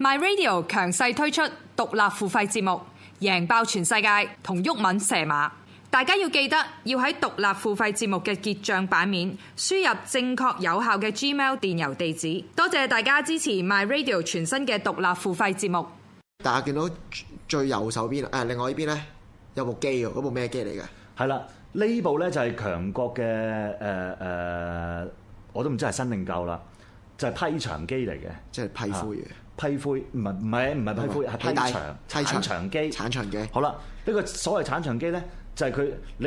My Radio 強勢推出獨立付費節目，贏爆全世界同郁敏射馬。大家要記得要喺獨立付費節目嘅結賬版面輸入正確有效嘅 Gmail 電郵地址。多謝大家支持 My Radio 全新嘅獨立付費節目。大家見到最右手邊啊、呃，另外邊呢邊咧有部機哦，嗰部咩機嚟嘅？係啦，呢部咧就係強國嘅誒誒，我都唔知係新定舊啦，就係、是、批牆機嚟嘅，即係批灰嘅。批灰唔係唔係唔係批灰，係鏟牆、鏟牆機。鏟牆機好啦，呢個所謂鏟牆機咧，就係佢，你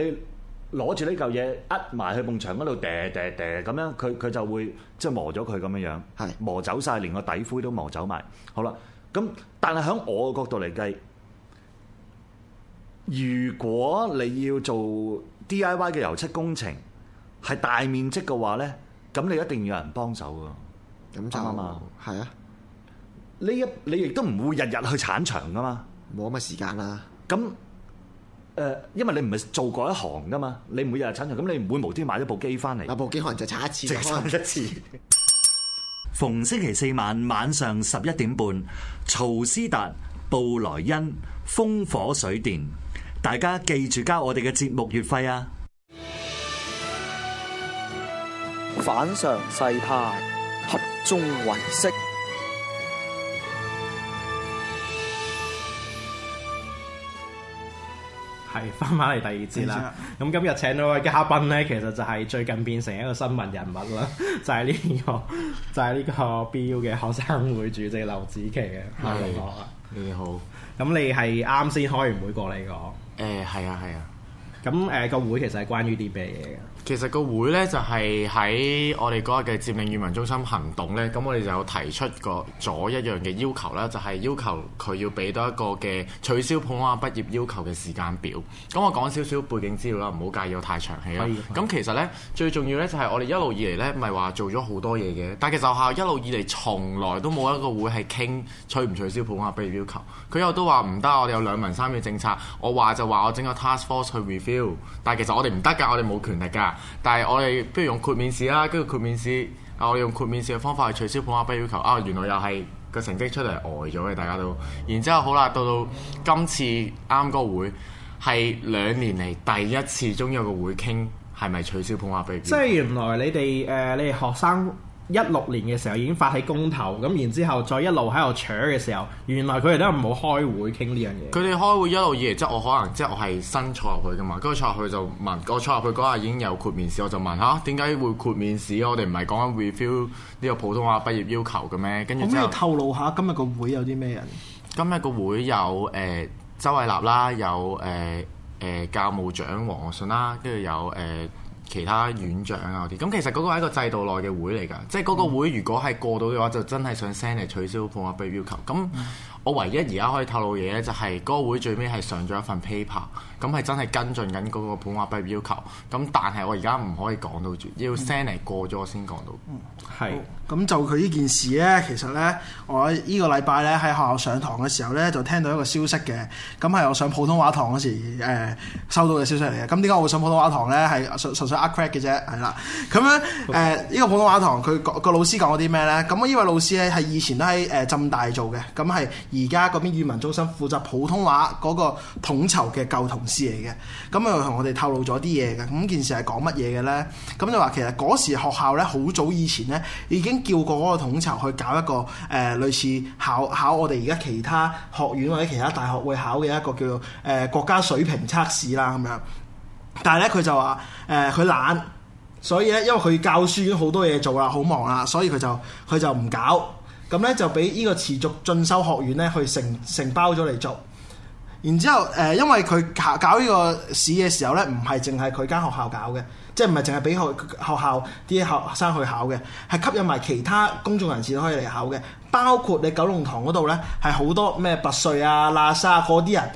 攞住呢嚿嘢，呃埋去埲牆嗰度，嗲嗲嗲咁樣，佢佢就會即係磨咗佢咁樣樣，係磨走晒，連個底灰都磨走埋。好啦，咁但係喺我嘅角度嚟計，如果你要做 D I Y 嘅油漆工程，係大面積嘅話咧，咁你一定要有人幫手噶。咁就啱啊。係啊。呢一你亦都唔會日日去鏟場噶嘛，冇乜嘅時間啦。咁、呃、誒，因為你唔係做過一行噶嘛，你每日鏟場，咁你唔會無端買一部機翻嚟。嗱，部機可能就鏟一次。就鏟一次。 逢星期四晚晚上十一點半，曹斯達、布萊恩、烽火水電，大家記住交我哋嘅節目月費啊！反常世態，合眾唯識。係翻返嚟第二節啦，咁今日請到嘅嘉賓咧，其實就係最近變成一個新聞人物啦、 這個，就係、是、呢個就係呢個 BU 嘅學生會主席劉子頎啊，你好啊，的你好，咁你係啱先開完會過嚟講，誒係啊係啊，咁誒個會其實係關於啲咩嘢嘅？其實個會呢，就係、是、喺我哋嗰日嘅佔領語文中心行動呢。咁我哋就有提出過咗一樣嘅要求啦，就係、是、要求佢要俾多一個嘅取消普通話畢業要求嘅時間表。咁我講少少背景資料啦，唔好介意我太長氣啦。咁的其實呢，的最重要呢，就係我哋一路以嚟呢，咪話做咗好多嘢嘅，但係其實學校一路以嚟從來都冇一個會係傾取唔取消普通話畢業要求。佢又都話唔得，我哋有兩文三語政策。我話就話我整個 task force 去 review，但係其實我哋唔得㗎，我哋冇權力㗎。但係我哋不如用豁免試啦，跟住豁免試，啊我用豁免試嘅方法去取消普話畢業要求，啊原來又係個成績出嚟呆咗嘅大家都，然之後好啦，到到今次啱嗰個會係兩年嚟第一次，終於有個會傾係咪取消普話畢業。即係原來你哋誒、呃、你哋學生。一六年嘅時候已經發起公投，咁然之後，後再一路喺度扯嘅時候，原來佢哋都唔好開會傾呢樣嘢。佢哋開會一路以嚟，即係我可能即係我係新坐入去嘅嘛，跟住坐入去就問，我坐入去嗰下已經有豁免試，我就問嚇點解會豁免試？我哋唔係講緊 review 呢個普通話畢業要求嘅咩？跟住就可以透露下今日個會有啲咩人？今日個會有誒、呃、周偉立啦，有誒誒、呃呃、教務長黃信啦，跟住有誒。呃其他院長啊嗰啲，咁其實嗰個係一個制度內嘅會嚟噶，嗯、即係嗰個會如果係過到嘅話，就真係想 send 嚟取消判押被要求。咁我唯一而家可以透露嘅嘢咧，就係嗰個會最尾係上咗一份 paper。咁係真係跟進緊嗰個普通話畢業要求，咁但係我而家唔可以講到住，要 send 嚟過咗我先講到。嗯，係。咁就佢呢件事呢，其實呢，我呢個禮拜呢喺學校上堂嘅時候呢，就聽到一個消息嘅。咁係我上普通話堂嗰時、呃，收到嘅消息嚟嘅。咁點解我會上普通話堂呢？係純粹 update 嘅啫，係啦。咁樣誒，呢、呃、Okay. 個普通話堂佢個老師講咗啲咩呢？咁呢位老師呢，係以前都喺誒浸大做嘅，咁係而家嗰邊語文中心負責普通話嗰個統籌嘅舊同事嚟嘅，咁又同我哋透露咗啲嘢嘅，咁件事係講乜嘢嘅呢？咁就話其實嗰時學校呢，好早以前呢，已經叫過嗰個統籌去搞一個誒、呃、類似考考我哋而家其他學院或者其他大學會考嘅一個叫做誒、呃、國家水平測試啦咁樣，但係呢，佢就話誒佢懶，所以呢，因為佢教書院好多嘢做啦，好忙啦，所以佢就佢就唔搞，咁呢，就俾呢個持續進修學院呢，去承承包咗嚟做。然之後，誒、呃，因為佢搞搞呢個試嘅時候呢，唔係淨係佢間學校搞嘅，即係唔係淨係俾學學校啲學生去考嘅，係吸引埋其他公眾人士可以嚟考嘅，包括你九龍塘嗰度呢，係好多咩拔萃啊、喇沙嗰、啊、啲人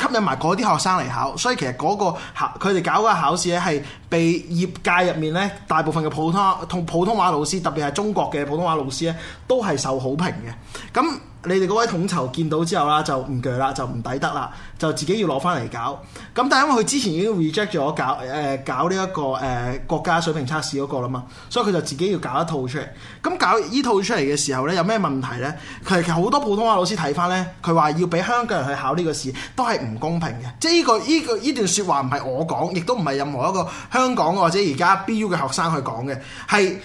吸引埋嗰啲學生嚟考，所以其實嗰、嗰個考佢哋搞嘅考試呢，係被業界入面呢，大部分嘅普通同普通話老師，特別係中國嘅普通話老師呢，都係受好評嘅，咁。你哋嗰位統籌見到之後啦，就唔攰啦，就唔抵得啦，就自己要攞翻嚟搞。咁但係因為佢之前已經 reject 咗搞誒、呃、搞呢、這、一個誒、呃、國家水平測試嗰個啦嘛，所以佢就自己要搞一套出嚟。咁搞依套出嚟嘅時候呢，有咩問題呢？其實好多普通話老師睇翻呢，佢話要俾香港人去考呢個試，都係唔公平嘅。即係依、這個依、這個依段說話唔係我講，亦都唔係任何一個香港或者而家 BU 嘅學生去講嘅，係。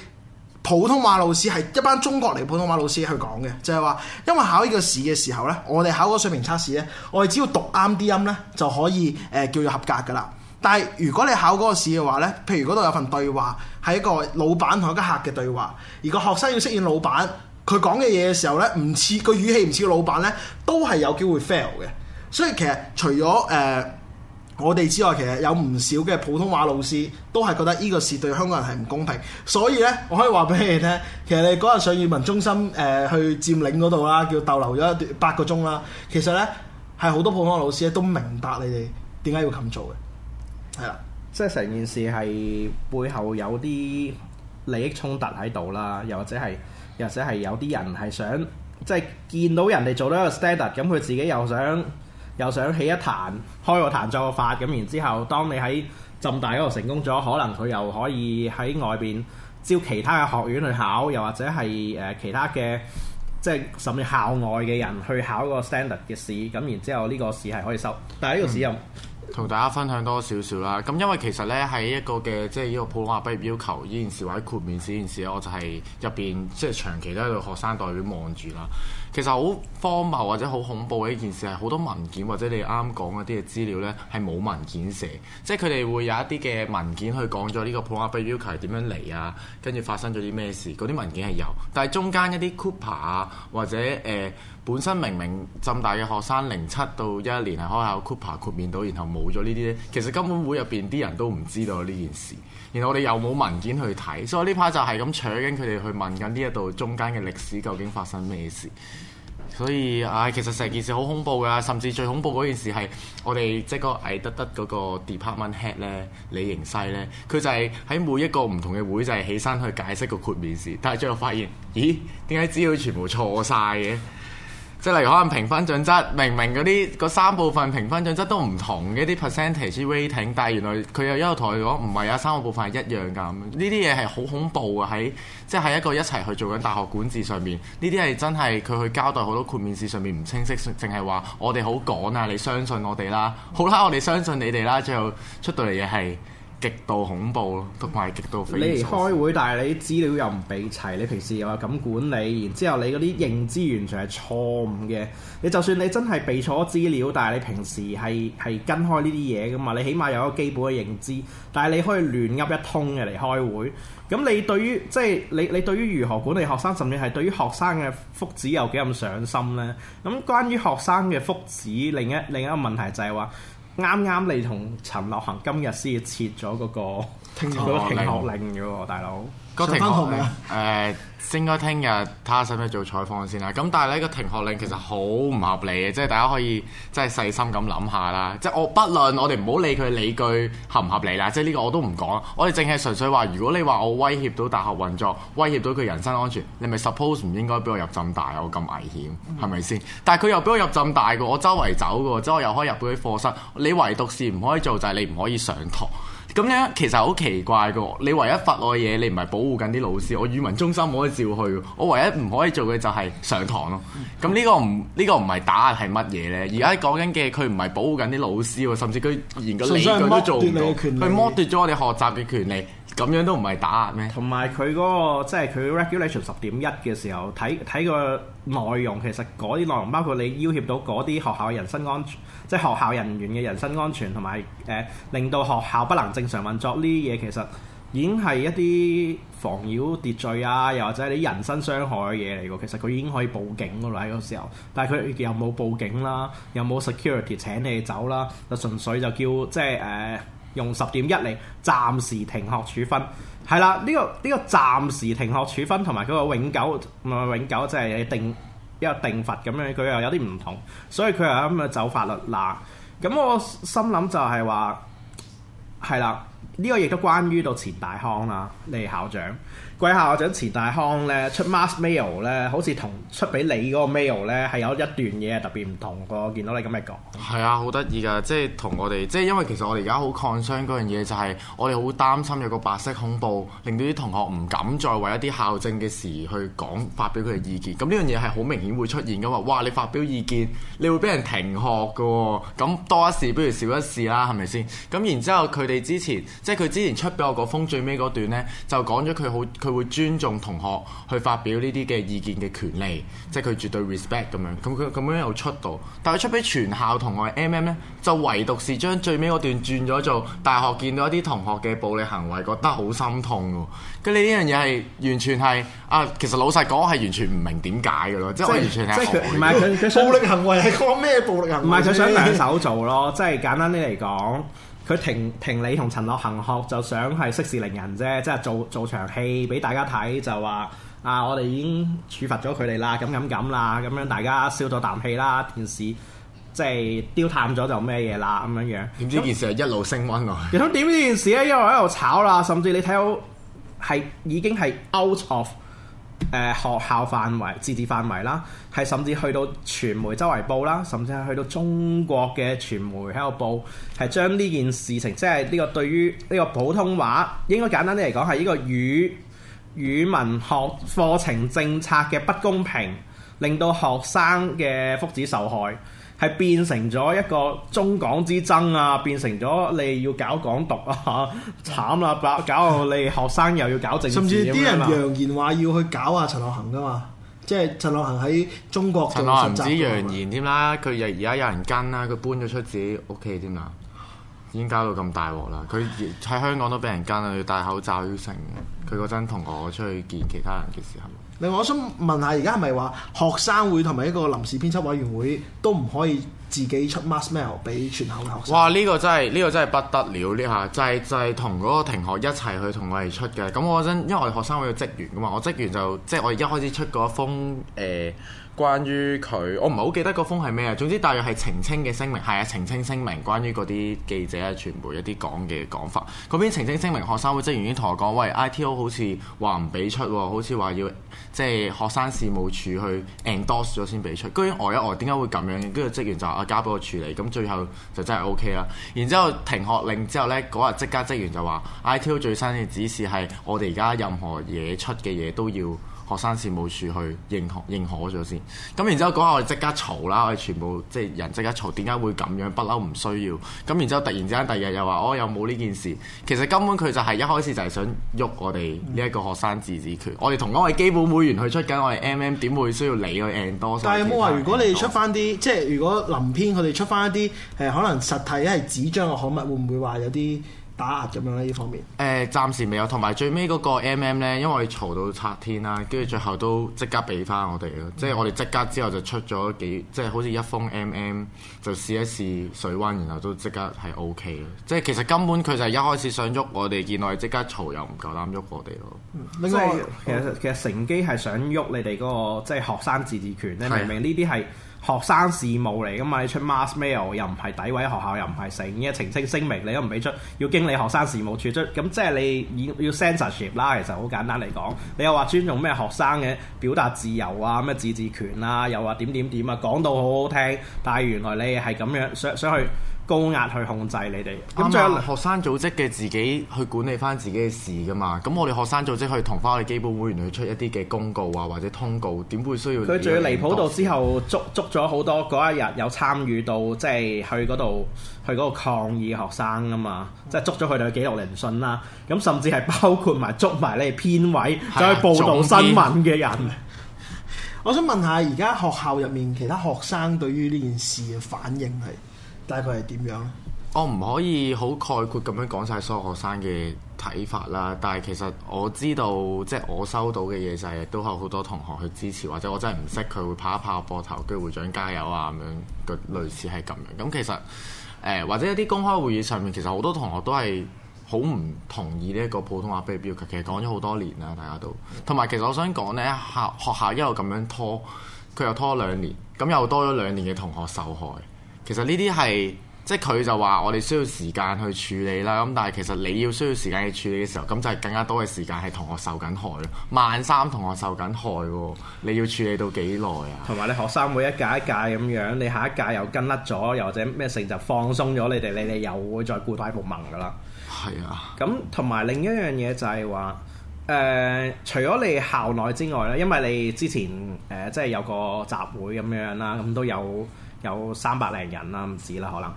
普通話老師係一班中國嚟普通話老師去講嘅，就係話，因為考呢個試嘅時候呢，我哋考嗰個水平測試呢，我哋只要讀啱啲音呢就可以誒叫做合格噶啦。但係如果你考嗰個試嘅話呢，譬如嗰度有份對話，係一個老闆同一個客嘅對話，而個學生要飾演老闆，佢講嘅嘢嘅時候呢，唔似個語氣，唔似個老闆呢，都係有機會 fail 嘅。所以其實除咗誒。呃我哋之外，其實有唔少嘅普通話老師都係覺得呢個事對香港人係唔公平，所以呢，我可以話俾你哋聽，其實你嗰日上語文中心誒、呃、去佔領嗰度啦，叫逗留咗一段八個鐘啦，其實呢，係好多普通話老師都明白你哋點解要咁做嘅，係啊，即係成件事係背後有啲利益衝突喺度啦，又或者係，又或者係有啲人係想即係、就是、見到人哋做到一個 standard 咁佢自己又想。又想起一壇，開個壇作個法，咁然之後，當你喺浸大嗰度成功咗，可能佢又可以喺外邊招其他嘅學院去考，又或者係誒其他嘅，即係甚至校外嘅人去考個 standard 嘅試，咁然之後呢個試係可以收。但係呢個試、嗯、又同大家分享多少少啦。咁因為其實呢喺一個嘅即係呢個普通話畢業要求呢件事或者豁免試呢件事，我就係入邊即係，長期都喺度學生代表望住啦。其實好荒謬或者好恐怖嘅一件事係好多文件或者你啱啱講嗰啲嘅資料呢係冇文件寫，即係佢哋會有一啲嘅文件去講咗、這、呢個破亞庇要求點樣嚟啊，跟住發生咗啲咩事嗰啲文件係有，但係中間一啲 Cooper 啊或者誒、呃、本身明明浸大嘅學生零七到一一年係開口 Cooper 豁免到，然後冇咗呢啲，其實根本局入邊啲人都唔知道呢件事，然後我哋又冇文件去睇，所以呢排就係咁扯緊佢哋去問緊呢一度中間嘅歷史究竟發生咩事。所以，唉、哎，其實成件事好恐怖㗎，甚至最恐怖嗰件事係我哋即係個矮得得嗰個 department head 咧，李盈西咧，佢就係喺每一個唔同嘅會就係起身去解釋個豁免試，但係最後發現，咦，點解資料全部錯晒嘅？即係例如可能評分準則，明明嗰啲嗰三部分評分準則都唔同嘅啲 percentage rating，但係原來佢又一路同佢講唔係啊，三個部分係一樣㗎咁。呢啲嘢係好恐怖啊！喺即係喺一個一齊去做緊大學管治上面，呢啲係真係佢去交代好多豁免試上面唔清晰，淨係話我哋好趕啊，你相信我哋啦。好啦，我哋相信你哋啦，最後出到嚟嘅係。極度恐怖咯，同埋極度。你嚟開會，但係你資料又唔備齊，你平時又咁管理，然之後你嗰啲認知完全係錯誤嘅。你就算你真係備錯資料，但係你平時係係跟開呢啲嘢噶嘛？你起碼有一個基本嘅認知，但係你可以亂噏一通嘅嚟開會。咁你對於即係、就是、你你對於如何管理學生，甚至係對於學生嘅福祉有幾咁上心呢？咁關於學生嘅福祉，另一另一個問題就係話。啱啱你同陳樂行今日先要切咗嗰、聽朝那個停學令嘅喎，大佬。個停學令誒、呃，應該聽日睇下使唔使做採訪先啦。咁但係呢、個停學令其實好唔合理嘅，嗯、即係大家可以即係細心咁諗下啦。即係我不論我哋唔好理佢理據合唔合理啦，即係呢個我都唔講。我哋淨係純粹話，如果你話我威脅到大學運作，威脅到佢人身安全，你咪 suppose 唔應該俾我入浸大？我咁危險係咪先？但係佢又俾我入浸大㗎，我周圍走㗎，即係我又可以入到啲課室。你唯獨是唔可以做就係、是、你唔可以上堂。咁樣其實好奇怪嘅喎，你唯一罰我嘅嘢，你唔係保護緊啲老師，我語文中心冇可以照去，我唯一唔可以做嘅就係上堂咯。咁呢個唔呢、呢個唔係打壓係乜嘢咧？而家講緊嘅佢唔係保護緊啲老師喎，甚至佢連個理據都做唔到，佢剝奪咗我哋學習嘅權利。咁樣都唔係打壓咩？同埋佢嗰個即係佢 regulation 十點一嘅時候，睇睇個內容，其實嗰啲內容包括你要挾到嗰啲學校嘅人身安全，即係學校人員嘅人身安全，同埋誒令到學校不能正常運作呢啲嘢，其實已經係一啲妨擾秩序啊，又或者係啲人身傷害嘅嘢嚟㗎。其實佢已經可以報警㗎啦喺個時候，但係佢又冇報警啦，又冇 security 請你走啦，就純粹就叫即係誒。呃用十點一嚟暫時停學處分，係啦，呢個呢個暫時停學處分同埋佢個永久唔係永久，即係定一個定罰咁樣，佢又有啲唔同，所以佢又咁樣走法律。嗱，咁我心諗就係話係啦。呢個亦都關於到錢大康啦、啊，你校長貴校長錢大康咧出 mass mail 咧，好似同出俾你嗰個 mail 咧係有一段嘢係特別唔同個，見到你咁嘅講係啊，好得意㗎，即係同我哋即係因為其實我哋而家好 concern 嗰樣嘢就係我哋好擔心有個白色恐怖，令到啲同學唔敢再為一啲校政嘅事去講發表佢嘅意見。咁呢樣嘢係好明顯會出現㗎嘛？哇！你發表意見，你會俾人停學㗎喎、哦。咁多一事不如少一事啦，係咪先？咁然之後佢哋之前。即係佢之前出俾我嗰封最尾嗰段呢，就講咗佢好，佢會尊重同學去發表呢啲嘅意見嘅權利。即係佢絕對 respect 咁樣。咁佢咁樣又出到，但係出俾全校同學 M M 呢，就唯獨是將最尾嗰段轉咗做大學見到一啲同學嘅暴力行為，覺得好心痛。咁你呢樣嘢係完全係啊，其實老實講係完全唔明點解嘅咯。即係我完全係唔係暴力行為係講咩暴力行為？唔係佢想兩手做咯，即係 簡單啲嚟講。佢停庭理同陳樂行學就想係息事寧人啫，即係做做場戲俾大家睇，就話啊，我哋已經處罰咗佢哋啦，咁咁咁啦，咁樣樣大家消咗啖氣啦，電視即係丟淡咗就咩嘢啦，咁樣樣。點知件事係一路升溫㗎？點解點呢件事咧？一路喺度炒啦， 甚至你睇到係已經係 out of。誒、呃、學校範圍、自治範圍啦，係甚至去到傳媒周圍報啦，甚至係去到中國嘅傳媒喺度報，係將呢件事情，即係呢個對於呢個普通話，應該簡單啲嚟講，係呢個語語文學課程政策嘅不公平，令到學生嘅福祉受害。係變成咗一個中港之爭啊！變成咗你要搞港獨啊！ 慘啦，搞到你學生又要搞政治、啊、甚至啲人揚言話要去搞下陳樂恒㗎嘛，即係陳樂恒喺中國做實習，陳樂恒唔止揚言添啦，佢而而家有人跟啦，佢搬咗出自己屋企添啦，已經搞到咁大鑊啦。佢喺香港都俾人跟啦，要戴口罩要成。佢嗰陣同我出去見其他人嘅時候。另外，我想問下，而家係咪話學生會同埋一個臨時編輯委員會都唔可以自己出 mass mail 俾全校嘅學生？哇！呢、呢個真係呢、呢個真係不得了，呢下就係、係、就係同嗰個停學一齊去同我哋出嘅。咁我嗰因為我哋學生會有職員噶嘛，我職員就即係、就係、我哋一開始出嗰一封誒。呃關於佢，我唔係好記得嗰封係咩啊。總之大約係澄清嘅聲明，係啊澄清聲明，關於嗰啲記者啊、傳媒一啲講嘅講法。嗰邊澄清聲明，學生會職員已經同我講，喂，ITO 好似話唔俾出，好似話要即係、就是、學生事務處去 endorse 咗先俾出。居然呆一呆、呃，點解會咁樣？跟住職員就話啊交俾我處理。咁最後就真係 OK 啦。然之後停學令之後呢，嗰日即刻職員就話，ITO 最新嘅指示係我哋而家任何嘢出嘅嘢都要。學生事務處去認可認可咗先，咁然之後講下我哋即刻嘈啦，我哋全部即係人即刻嘈，點解會咁樣？不嬲唔需要，咁然之後突然之間第二日又話，我、哦、有冇呢件事？其實根本佢就係、是、一開始就係想喐我哋呢一個學生自治權。嗯、我哋同我位基本會員去出緊，我哋 M M 點會需要你去掟多？但係有冇話如果你出翻啲，嗯、即係如果臨編佢哋出翻一啲誒、呃、可能實體係紙張嘅刊物，會唔會話有啲？打壓咁樣呢方面。誒、呃，暫時未有。同埋最尾嗰個 M、MM、M 呢，因為嘈到拆天啦，跟住最後都刻、嗯、即刻俾翻我哋咯。即係我哋即刻之後就出咗幾，即係好似一封 M、MM, M 就試一試水溫，然後都即刻係 O K 咯。即係其實根本佢就係一開始想喐我哋，見我哋即刻嘈，又唔夠膽喐我哋咯。即以、嗯、其實其實乘機係想喐你哋嗰、那個，即、就、係、是、學生自治權是，你明唔明呢啲係。學生事務嚟㗎嘛，你出 mass mail 又唔係詆毀學校，又唔係成嘅澄清聲明，你都唔俾出，要經理學生事務處出，咁即係你要 censorship 啦。其實好簡單嚟講，你又話尊重咩學生嘅表達自由啊，咩自治權啊，又話點點點啊，講到好好聽，但係原來你係咁樣想想去。高壓去控制你哋，咁仲、嗯、有學生組織嘅自己去管理翻自己嘅事噶嘛？咁我哋學生組織可以同翻我哋基本會員去出一啲嘅公告啊，或者通告，點會需要？佢仲要離譜到之後捉捉咗好多嗰一日有參與到即係、就是、去嗰度去嗰度抗議學生噶嘛？嗯、即係捉咗佢哋嘅記錄聆訊啦、啊，咁甚至係包括埋捉埋你哋編委再、哎、呀去報導新聞嘅人。點 我想問下，而家學校入面其他學生對於呢件事嘅反應係？大概係點樣？我唔可以好概括咁樣講晒所有學生嘅睇法啦。但係其實我知道，即係我收到嘅嘢就係都有好多同學去支持，或者我真係唔識佢會拍一拍我膊頭，跟住會長加油啊咁樣，個類似係咁樣。咁其實誒、呃，或者一啲公開會議上面，其實好多同學都係好唔同意呢一個普通話標記。其實講咗好多年啦，大家都。同埋、嗯、其實我想講呢，校學，學校一路咁樣拖，佢又拖兩年，咁又多咗兩年嘅同學受害。其實呢啲係即係佢就話我哋需要時間去處理啦，咁但係其實你要需要時間去處理嘅時候，咁就係更加多嘅時間係同學受緊害，萬三同學受緊害喎，你要處理到幾耐啊？同埋你學生每一屆一屆咁樣，你下一屆又跟甩咗，又或者咩成就放鬆咗，你哋你哋又會再故態復萌噶啦。係是啊。咁同埋另一樣嘢就係話，誒、呃，除咗你校內之外咧，因為你之前誒、呃、即係有個集會咁樣啦，咁都有。有三百零人啦，唔止啦，可能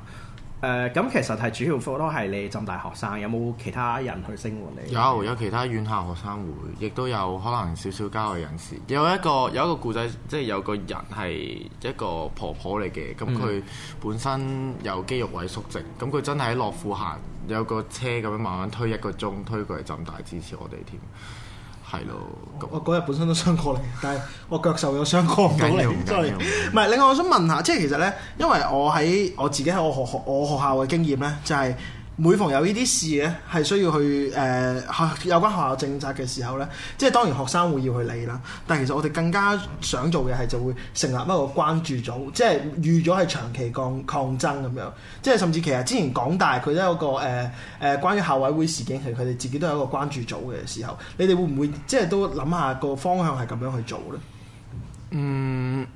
誒咁、呃、其實係主要科都係你浸大學生，有冇其他人去支援你？有有其他院校學生會，亦都有可能少少郊外人士。有一個有一個故仔，即係有個人係一個婆婆嚟嘅。咁佢本身有肌肉萎縮症，咁佢真係喺樂富行有個車咁樣慢慢推一個鐘推佢嚟浸大支持我哋添。係咯，我嗰日本身都想過嚟，但係我腳受咗傷過唔到嚟。唔緊要，唔緊要，唔係。另外，我想問下，即係其實咧，因為我喺我自己喺我學學我學校嘅經驗咧，就係。每逢有呢啲事咧，係需要去誒、呃、有關學校政策嘅時候咧，即係當然學生會要去理啦。但係其實我哋更加想做嘅係就會成立一個關注組，即係預咗係長期抗抗爭咁樣。即係甚至其實之前港大佢都有個誒誒、呃、關於校委會事件，係佢哋自己都有一個關注組嘅時候，你哋會唔會即係都諗下個方向係咁樣去做咧？嗯，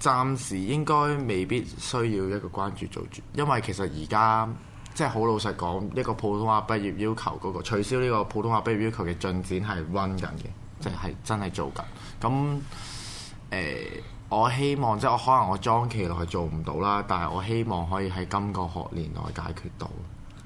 暫時應該未必需要一個關注組，因為其實而家。即係好老實講，一個普通話畢業要求嗰、那個取消呢個普通話畢業要求嘅進展係 run 緊嘅，即係真係做緊。咁誒、呃，我希望即係我可能我裝期內做唔到啦，但係我希望可以喺今個學年內解決到。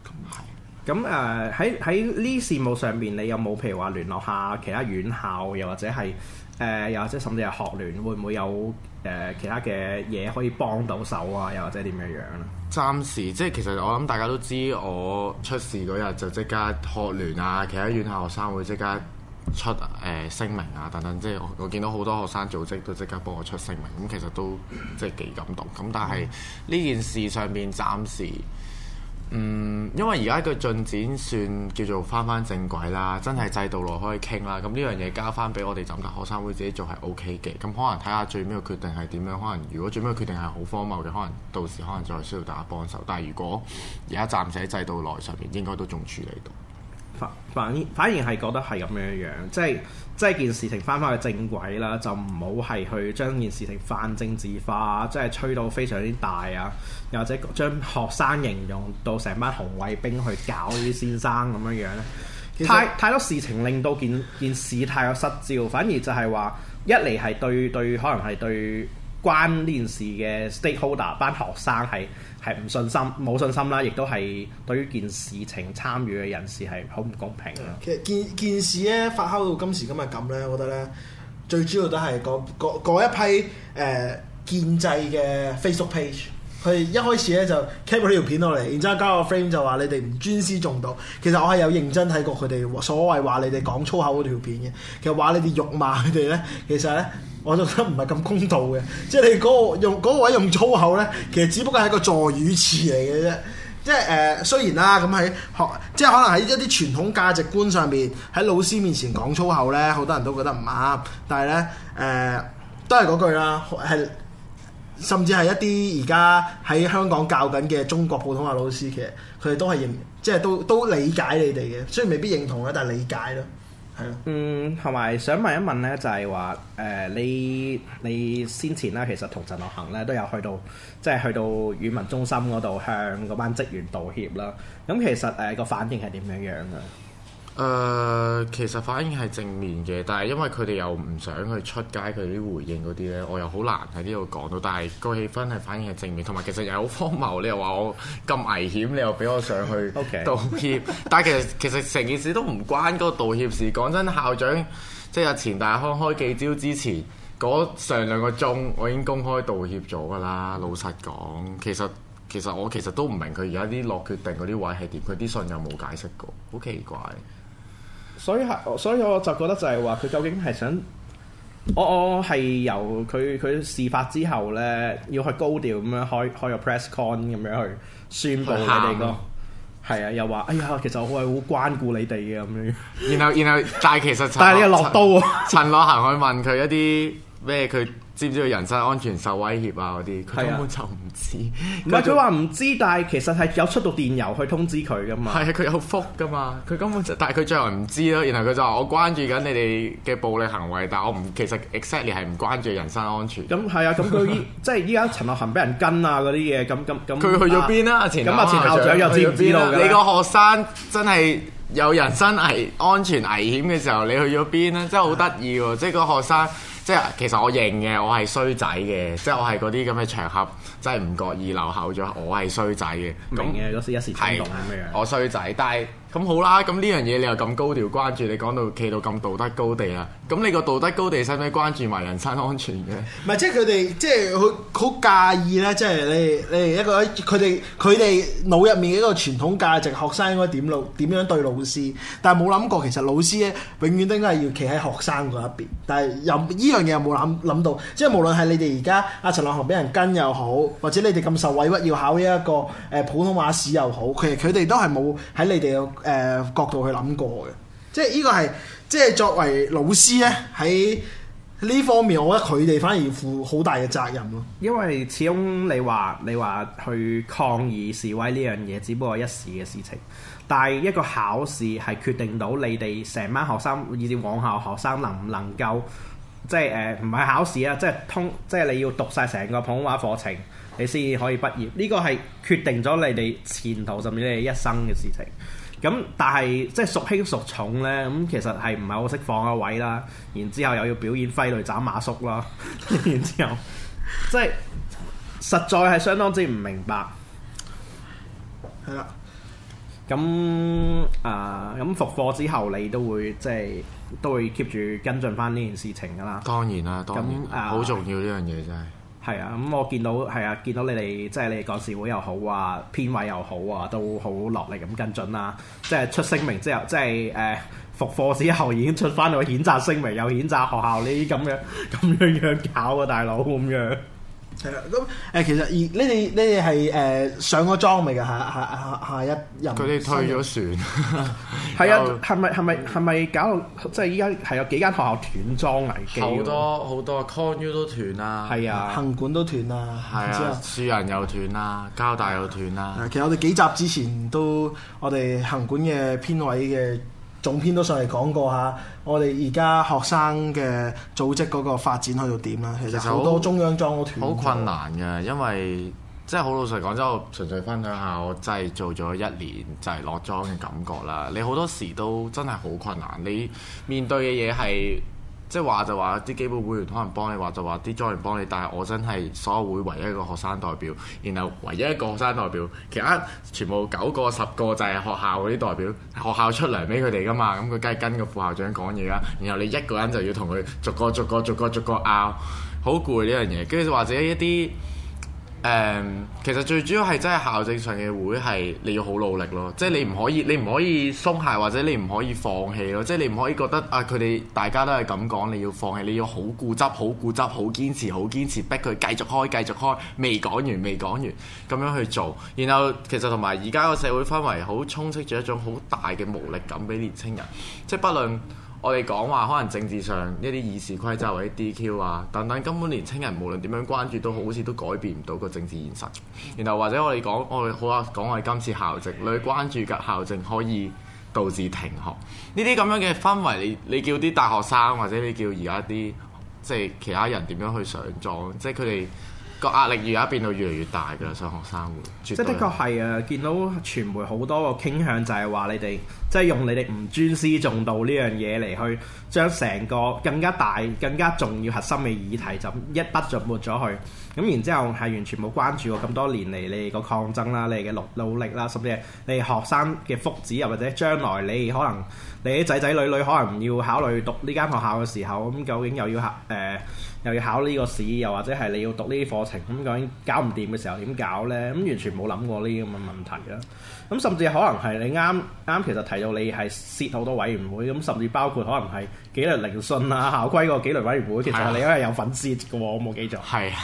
咁係。咁誒，喺喺呢事務上面，你有冇譬如話聯絡下其他院校，又或者係誒，又、呃、或者甚至係學聯，會唔會有？誒其他嘅嘢可以幫到手啊，又或者點嘅樣啦？暫時即係其實我諗大家都知，我出事嗰日就即刻學聯啊，其他院校學生會即刻出誒、呃、聲明啊等等，即係我，我見到好多學生組織都即刻幫我出聲明，咁其實都即係幾感動。咁、嗯、但係呢件事上面暫時。嗯，因為而家嘅進展算叫做翻翻正軌啦，真係制度內可以傾啦。咁呢樣嘢交翻俾我哋浸大學生會自己做係 O K 嘅。咁可能睇下最尾嘅決定係點樣。可能如果最尾嘅決定係好荒謬嘅，可能到時可能再需要大家幫手。但係如果而家暫時喺制度內上面應該都仲處理到。反反反而係覺得係咁樣樣，即係，即係件事情翻返去正軌啦，就唔好係去將件事情泛政治化，即係吹到非常之大啊，又或者將學生形容到成班紅衛兵去搞啲先生咁樣樣，咧。其實太，太多事情令到件件事太有失焦，反而就係話，一嚟係對對，可能係對。關呢件事嘅 stakeholder 班學生係係唔信心冇信心啦，亦都係對於件事情參與嘅人士係好唔公平。其實件，件事咧發酵到今時今日咁咧，我覺得咧最主要都係嗰一批誒、呃、建制嘅 Facebook page。佢一開始咧就 capture 呢條片落嚟，然之後交個 frame 就話你哋唔尊師重道。其實我係有認真睇過佢哋所謂你話你哋講粗口嗰條片嘅。其實話你哋辱罵佢哋咧，其實咧我就覺得唔係咁公道嘅。即係你嗰、嗰個用嗰、嗰個、位用粗口咧，其實只不過係個助語詞嚟嘅啫。即係誒、呃，雖然啦，咁喺學，即係可能喺一啲傳統價值觀上面，喺老師面前講粗口咧，好多人都覺得唔啱。但係咧誒，都係嗰句啦，係。甚至係一啲而家喺香港教緊嘅中國普通話老師，其實佢哋都係認，即係都都理解你哋嘅，雖然未必認同啦，但係理解咯，係咯。嗯，同埋想問一問咧，就係話誒你你先前啦，其實同陳樂行咧都有去到，即係去到語文中心嗰度向嗰班職員道歉啦。咁其實誒個、呃、反應係點樣樣嘅？誒，uh, 其實反應係正面嘅，但係因為佢哋又唔想去出街，佢哋啲回應嗰啲呢，我又好難喺呢度講到。但係個氣氛係反應係正面，同埋其實又好荒謬。你又話我咁危險，你又俾我上去道歉。Okay. 但係其實其實成件事都唔關嗰個道歉事。講真，校長即係錢大康開記招之前嗰上兩個鐘，我已經公開道歉咗㗎啦。老實講，其實其實我其實都唔明佢而家啲落決定嗰啲位係點。佢啲信又冇解釋過，好奇怪。所以係，所以我就覺得就係話佢究竟係想，我我係由佢佢事發之後咧，要去高調咁樣開開個 press con 咁樣去宣佈你哋個，係啊，又話哎呀，其實我係好關顧你哋嘅咁樣。然後然後，但係其實 但係你落刀，陳樂行去問佢一啲咩佢。知唔知佢人身安全受威脅啊？嗰啲佢根本就唔知，唔係佢話唔知，但係其實係有出到電郵去通知佢㗎嘛。係啊，佢有覆㗎嘛，佢根本。但係佢最後唔知咯，然後佢就話：我關注緊你哋嘅暴力行為，但我唔其實 exactly 係唔關注人身安全。咁係啊，咁佢即係依家陳樂行俾人跟啊嗰啲嘢，咁咁咁。佢去咗邊啊？前咁啊，前校長又知唔知你個學生真係有人身危安全危險嘅時候，你去咗邊咧？真係好得意喎！即係個學生。即係其實我認嘅，我係衰仔嘅，即係我係嗰啲咁嘅場合，真係唔覺意流口咗。我係衰仔嘅。認嘅嗰時一時衝動咁是樣。我衰仔，但係。咁好啦，咁呢樣嘢你又咁高調關注，你講到企到咁道德高地啦，咁你個道德高地使唔使關注埋人身安全嘅？唔係，即係佢哋，即係佢好介意咧，即係你你一個，佢哋佢哋腦入面一個傳統價值，學生應該點老點樣對老師？但係冇諗過，其實老師咧，永遠都應該要企喺學生嗰一邊。但係又呢樣嘢又冇諗諗到，即係無論係你哋而家阿陳樂行俾人跟又好，或者你哋咁受委屈要考呢一個誒普通話試又好，其實佢哋都係冇喺你哋嘅。誒、呃、角度去諗過嘅，即係呢個係即係作為老師咧喺呢方面，我覺得佢哋反而負好大嘅責任咯。因為始終你話你話去抗議示威呢樣嘢，只不過一時嘅事情。但係一個考試係決定到你哋成班學生，以至往後學生能唔能夠，即係誒唔係考試啊，即係通即係你要讀晒成個普通話課程，你先可以畢業。呢個係決定咗你哋前途甚至你哋一生嘅事情。咁但係即係孰輕孰重呢，咁其實係唔係好識放個位啦？然之後又要表演揮淚斬馬謖啦！然之後， 然後即係實在係相當之唔明白。係啦、嗯。咁啊，咁、呃、復課之後你都會即係都會 keep 住跟進翻呢件事情㗎啦。當然啦，咁好那、啊、重要呢樣嘢真係。係啊，咁、嗯、我見到係啊，見到你哋即係你哋幹事會又好啊，編委又好啊，都好落力咁跟進啦、啊，即係出聲明之後，即係誒、呃、復課之後已經出翻個譴責聲明，又譴責學校呢啲咁樣咁樣樣搞啊，大佬咁樣。係啦，咁誒、嗯、其實而你哋你哋係誒上咗莊未㗎？下下下下一任佢哋退咗船 又，係啊，係咪係咪係咪搞到即係依家係有幾間學校斷莊危機？好多好多，CU o 都斷啦，係啊，行管都斷啦，係啊，樹仁又斷啦，交大又斷啦、嗯。其實我哋幾集之前都我哋行管嘅編委嘅。總編都上嚟講過下，我哋而家學生嘅組織嗰個發展去到點啦。其實好多中央莊都斷過。好困難㗎，因為即係好老實講，就純粹分享下，我真係做咗一年就係落莊嘅感覺啦。你好多時都真係好困難，你面對嘅嘢係。即係話就話啲基本會員可能幫你，話就話啲莊員幫你，但係我真係所有會唯一一個學生代表，然後唯一一個學生代表，其他全部九個十個就係學校嗰啲代表，學校出糧俾佢哋㗎嘛，咁佢梗係跟個副校長講嘢啦，然後你一個人就要同佢逐個逐個逐個逐個拗，好攰呢樣嘢，跟住或者一啲。誒，um, 其實最主要係真係校政上嘅會係你要好努力咯，即係你唔可以你唔可以鬆懈或者你唔可以放棄咯，即係你唔可以覺得啊佢哋大家都係咁講，你要放棄，你要好固執好固執好堅持好堅、堅持，逼佢繼續開繼續開未講完未講完咁樣去做。然後其實同埋而家個社會氛圍好充斥住一種好大嘅無力感俾年青人，即係不論。我哋講話可能政治上一啲議事規則或者 DQ 啊等等，根本年青人無論點樣關注都好似都改變唔到個政治現實。然後或者我哋講我哋好啊，講我哋今次校政你關注嘅校政可以導致停學呢啲咁樣嘅氛圍，你你叫啲大學生或者你叫而家啲即係其他人點樣去上莊？即係佢哋。個壓力而家變到越嚟越大㗎，上學生會，即的確係啊！見到傳媒好多個傾向就係話你哋，即係用你哋唔尊師重道呢樣嘢嚟去將成個更加大、更加重要核心嘅議題就一筆就抹咗去。咁然之後係完全冇關注過咁多年嚟你哋個抗爭啦，你哋嘅努努力啦，tekrar 甚至係你學生嘅福祉，又或者將來你可能你啲仔仔女女可能要考慮讀呢間學校嘅時候，咁究竟又要考誒又要考呢個試，又或者係你要讀呢啲課程，咁究竟搞唔掂嘅時候點搞呢？咁完全冇諗過呢啲咁嘅問題啊！咁甚至可能係你啱啱其實提到你係涉好多委員會，咁甚至包括可能係紀律聆訊啊、校規個紀律委員會，其實你係有份嘅喎，我冇記錯。係啊。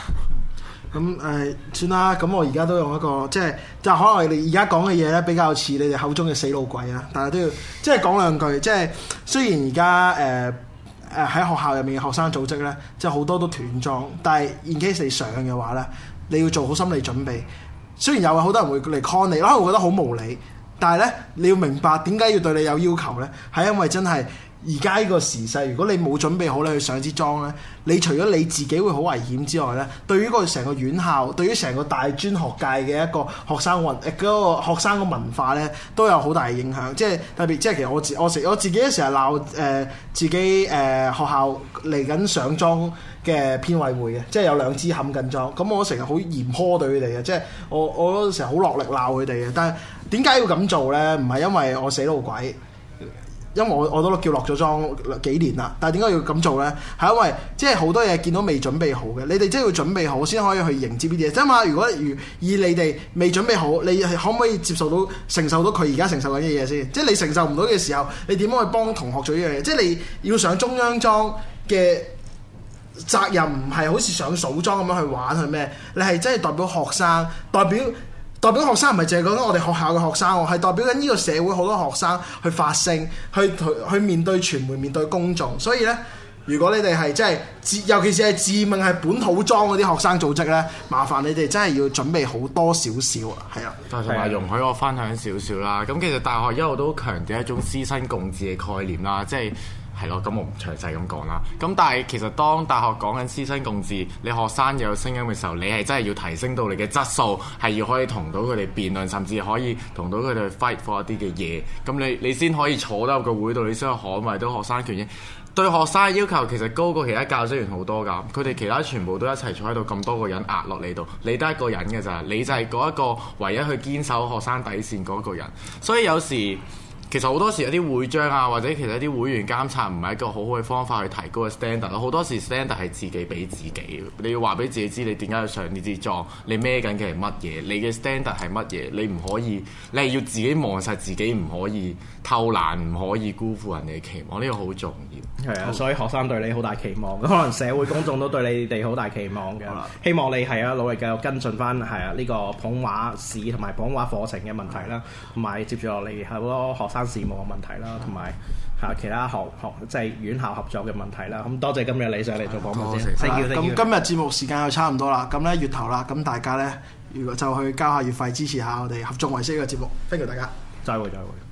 咁誒、嗯、算啦，咁、嗯、我而家都用一個即係，就可能你而家講嘅嘢咧比較似你哋口中嘅死老鬼啊！但係都要即係講兩句，即係雖然而家誒誒喺學校入面嘅學生組織咧，即係好多都斷裝，但係 in case 你上嘅話咧，你要做好心理準備。雖然有好多人會嚟抗你啦，因為我覺得好無理，但係咧你要明白點解要對你有要求咧？係因為真係。而家呢個時勢，如果你冇準備好咧去上支莊呢，你除咗你自己會好危險之外呢，對於個成個院校，對於成個大專學界嘅一個學生運，誒嗰個學生個文化呢，都有好大影響。即係特別，即係其實我自我我自己成日鬧誒自己誒、呃、學校嚟緊上莊嘅編委會嘅，即係有兩支冚緊莊。咁我成日好嚴苛對佢哋嘅，即係我我成日好落力鬧佢哋嘅。但係點解要咁做呢？唔係因為我死老鬼。因為我我都叫落咗莊幾年啦，但係點解要咁做呢？係因為即係好多嘢見到未準備好嘅，你哋真係要準備好先可以去迎接呢啲嘢。即係問如果如而你哋未準備好，你係可唔可以接受到承受到佢而家承受緊嘅嘢先？即係你承受唔到嘅時候，你點樣去幫同學做呢樣嘢？即係你要上中央莊嘅責任，唔係好似上數莊咁樣去玩去咩？你係真係代表學生代表。代表學生唔係淨係講緊我哋學校嘅學生，係代表緊呢個社會好多學生去發聲，去去面對傳媒、面對公眾。所以呢，如果你哋係即係，尤其是係自問係本土莊嗰啲學生組織呢，麻煩你哋真係要準備好多少少。係啊，係的容許我分享少少啦。咁其實大學一路都強調一種師生共治嘅概念啦，即係。係咯，咁我唔詳細咁講啦。咁但係其實當大學講緊師生共治，你學生有聲音嘅時候，你係真係要提升到你嘅質素，係要可以同到佢哋辯論，甚至可以同到佢哋去 fight for 一啲嘅嘢。咁你你先可以坐入個會度，你先捍衛到學生權益。對學生嘅要求其實高過其他教職員好多噶。佢哋其他全部都一齊坐喺度，咁多個人壓落你度，你都係一個人嘅咋？你就係嗰一個唯一去堅守學生底線嗰個人。所以有時。其實好多時有啲會章啊，或者其實啲會員監察唔係一個好好嘅方法去提高嘅 s t a n d a r d 咯。好多時 s t a n d a r d 係自己俾自己，你要話俾自己知你點解要上呢支莊，你孭緊嘅係乜嘢，你嘅 s t a n d a r d 係乜嘢，你唔可以，你係要自己望曬自己，唔可以偷懶，唔可以辜負人哋嘅期望。呢個好重要。係啊，所以學生對你好大期望，咁可能社會公眾都對你哋好大期望嘅。 希望你係啊，努力繼續跟進翻，係啊，呢、呢個普通話試同埋普通話課程嘅問題啦，同埋、嗯、接住落嚟係好多學生。事務嘅問題啦，同埋嚇其他學學即係院校合作嘅問題啦。咁多謝今日李生嚟做講者，咁今日節目時間又差唔多啦，咁咧月頭啦，咁大家咧如果就去交下月費支持下我哋合眾唯識嘅節目，thank you 大家。再會，再會。